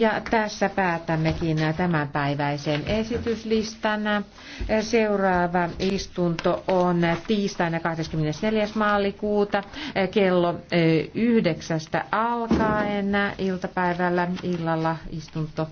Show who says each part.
Speaker 1: Ja tässä päätämmekin tämänpäiväisen esityslistan. Seuraava istunto on tiistaina 24. maalikuuta kello yhdeksästä alkaen iltapäivällä illalla
Speaker 2: istunto